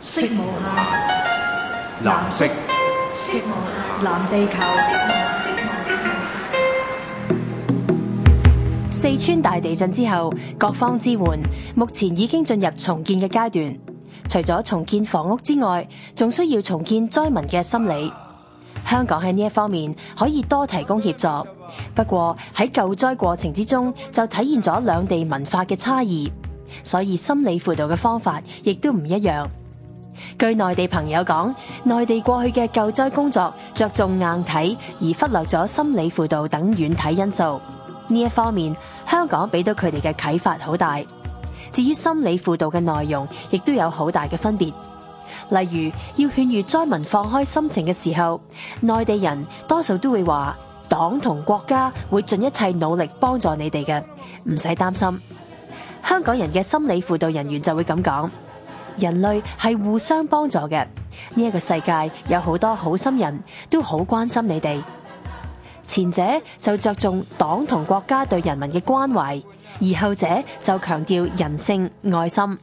色無限，藍色，色無限，藍地球。四川大地震之後，各方支援目前已經進入重建嘅階段。除咗重建房屋之外，仲需要重建災民嘅心理。香港喺呢一方面可以多提供協助。不過喺救災過程之中，就體現咗兩地文化嘅差異，所以心理輔導嘅方法亦都唔一樣。據內地朋友講，內地過去嘅救災工作着重硬體，而忽略咗心理輔導等軟體因素。呢一方面，香港俾到佢哋嘅啟發好大。至於心理輔導嘅內容，亦都有好大嘅分別。例如，要勸喻災民放開心情嘅時候，內地人多數都會話，黨同國家會盡一切努力幫助你哋嘅，唔使擔心。香港人嘅心理輔導人員就會咁講。人類係互相幫助嘅，呢、這、一個世界有好多好心人都好關心你哋。前者就着重黨同國家對人民嘅關懷，而後者就強調人性愛心。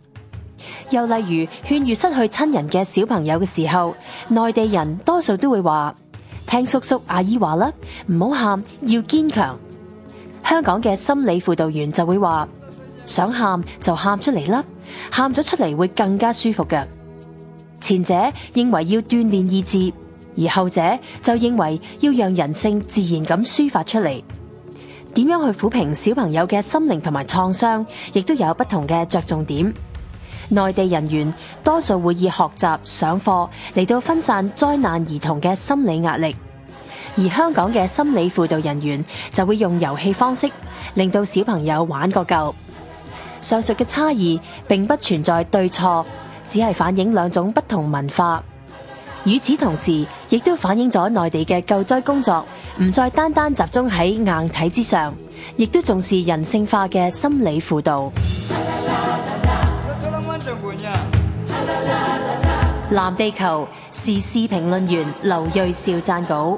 又例如勸喻失去親人嘅小朋友嘅時候，內地人多數都會話：聽叔叔阿姨話啦，唔好喊，要堅強。香港嘅心理輔導員就會話：想喊就喊出嚟啦，喊咗出嚟會更加舒服嘅。前者認為要鍛煉意志，而後者就認為要讓人性自然咁抒發出嚟。點樣去撫平小朋友嘅心靈同埋創傷，亦都有不同嘅着重點。內地人員多數會以學習上課嚟到分散災難兒童嘅心理壓力，而香港嘅心理輔導人員就會用遊戲方式令到小朋友玩個夠。上述嘅差異並不存在對錯，只係反映兩種不同文化。與此同時，亦都反映咗內地嘅救災工作，唔再單單集中喺硬體之上，亦都重視人性化嘅心理輔導。藍地球時事評論員劉銳紹撰稿。